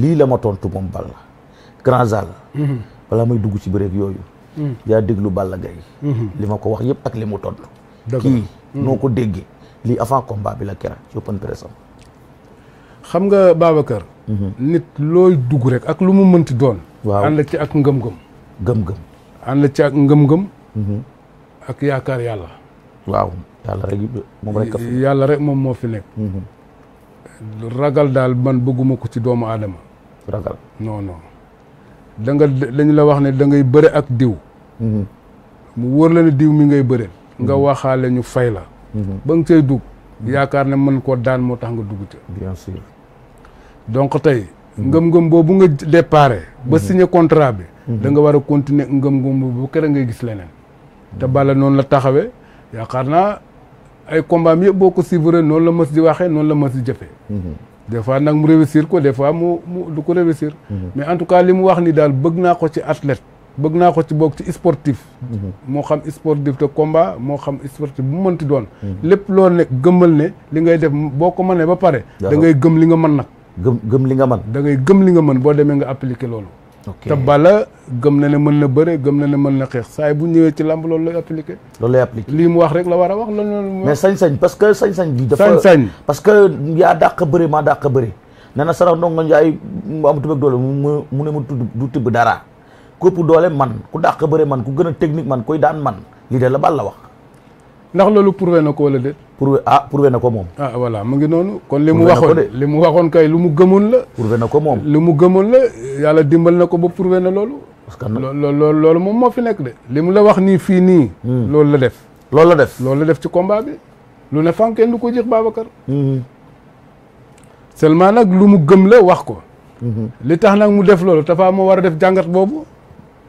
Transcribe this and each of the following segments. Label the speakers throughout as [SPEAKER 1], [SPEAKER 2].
[SPEAKER 1] lii la ma tontu moom Balla grand zal mhm. balaa may dugg ci bëreeg yooyu mhm. yaa déglu Balla Gaye mhm. li ma ko wax yëpp ak li mu tontu kii noo ko déggee
[SPEAKER 2] lii avant combat bi la kera ci open press xam nga Babacar nit dugg rek ak lu mu mënti doon waaw ànd ci ak ngëm-ngëm gëm-gëm ci ak ngëm-ngëm ak yaakaar yàlla waaw yàlla rek moom rek yàlla rek moom moo fi nekk ragal daal man bëgguma ko ci doomu adama ragal non non da nga dañu la wax ne dangay ngay bëre ak diw. Mhm. mu wóor la ne diw mi ngay bëre. Mhm. nga waxaale ñu fay la. Mhm. ba nga cay dugg. yaakaar ne mën koo daan moo tax nga dugg ca. bien tey. ngëm-ngëm boobu nga déparé. ba signé contrat bi. danga war a continuer ngëm-ngëm boobu ba keroog ngay gis leneen. te Balla noonu la taxawee yaakaar naa. ay combat mi boo ko suivre noonu la mës di waxee noonu la mës di jëfee. Mhm. des fois nag mu réussir ko des fois mu mu du ko réussir. Mhm. mais en tout cas li mu wax ni daal bëgg naa ko ci athlète. bëgg naa ko ci bokk ci sportif. Mhm. moo xam sportif de combat moo xam sportif mën ti doon. lépp loo ne gëmmal ne li ngay def boo ko mënee ba pare. da ngay gëm li nga mën nag. gëm gëm li nga mën. da ngay gëm li nga mën boo demee nga appliqué loolu. té bala gëm na né mën na bëré gëm na né mën na xex say bu ñëwé ci lamb loolu lay appliquer loolu lay appliquer li mu wax rek la wara wax loolu mais sañ sañ parce
[SPEAKER 1] que sañ sañ bi dafa sañ parce que ya daq bëré ma daq bëré nana sara ndo nga ay am tubek doole mu ne mu tudd du tibb dara kopp doole man ku daq bëré man ku gëna technique man koy daan man li de la bal la wax ndax loolu prouvé na ko wala det pour ah prouvé na ko moom.
[SPEAKER 2] ah voilà mu ngi noonu. kon li mu waxoon li mu waxoon kay lu mu gëmoon la. prouvé na ko moom li mu gëmoon la yàlla dimbal na ko pour we na loolu. parce que loolu loolu moom moo fi nekk de. li mu la wax nii fii nii. Hmm. loolu la def. loolu la def loolu la def ci combat bi. lu ne fan kenn du ko jeex Babacar. Hmm. seulement nag lu mu gëm la wax ko. Hmm. li tax nag mu def loolu Tapha moo war a def jàngat boobu.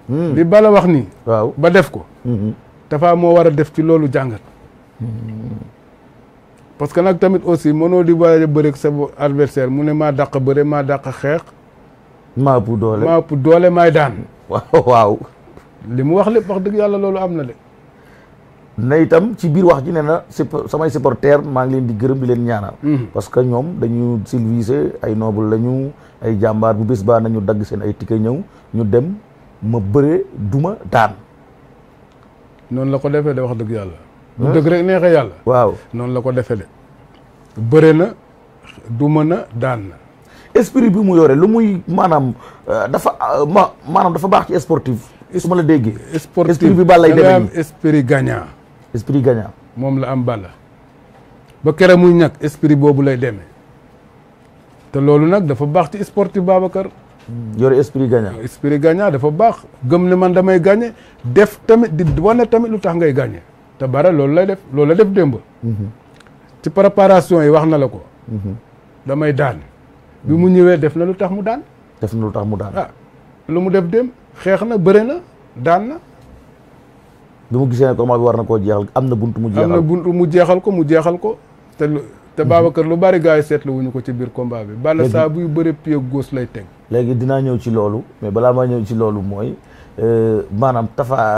[SPEAKER 2] li bala wax nii. waaw ba def ko. Tapha moo war a def ci loolu jàngat. parce que nak tamit aussi mono di wayé beure ak sa adversaire mune ma dak beure ma dak xex ma pou dole ma pou dole may dan waaw waaw limu wax le wax deug yalla lolu amna le neitam ci bir wax ji neena sama supporter
[SPEAKER 1] ma ngi len di gëreum di len ñaanal hmm. parce que ñom dañu silviser ay noble lañu ay jambar bu bes ba nañu dag seen ay ticket ñew ñu dem ma beure duma dan
[SPEAKER 2] non la ko defé de wax deug yalla bu dëgg rek neexe yàlla. waaw noonu la ko defee de. bëre na du mën a daan na. esprit bi mu yore
[SPEAKER 1] lu muy maanaam euh, dafa euh, ma maanaam dafa baax ci sportif. su ma la bal am
[SPEAKER 2] esprit gagnant. esprit gagnant. moom la am balla ba kere muy ñàkk esprit boobu lay demee te loolu nag dafa baax ci sportif Babacar. yore esprit gagnant. esprit gagnant dafa baax gëm ne man damay gagné def tamit di wane tamit lu tax ngay gagné. te bara loolu lay def loolu la def démb. Mhm. ci préparation yi wax na la ko. Mhm. damay daan. bi mu ñëwee def na lu tax mu daan. def lu tax mu daan ah, lu mu def démb xeex na bëre na daan na.
[SPEAKER 1] bi mu gisee ne combat bi war na koo jeexal am na bunt mu. jeexal
[SPEAKER 2] buntu mu jeexal ko mu jeexal ko te lu. kër mhm. lu bari gaa yi seetlu wuñu ko ci biir combat bi. bala saa buy bëre pied goos lay teg.
[SPEAKER 1] léegi dinaa ñëw ci loolu mais balaa maa ñëw ci loolu mooy euh, maanaam Tapha.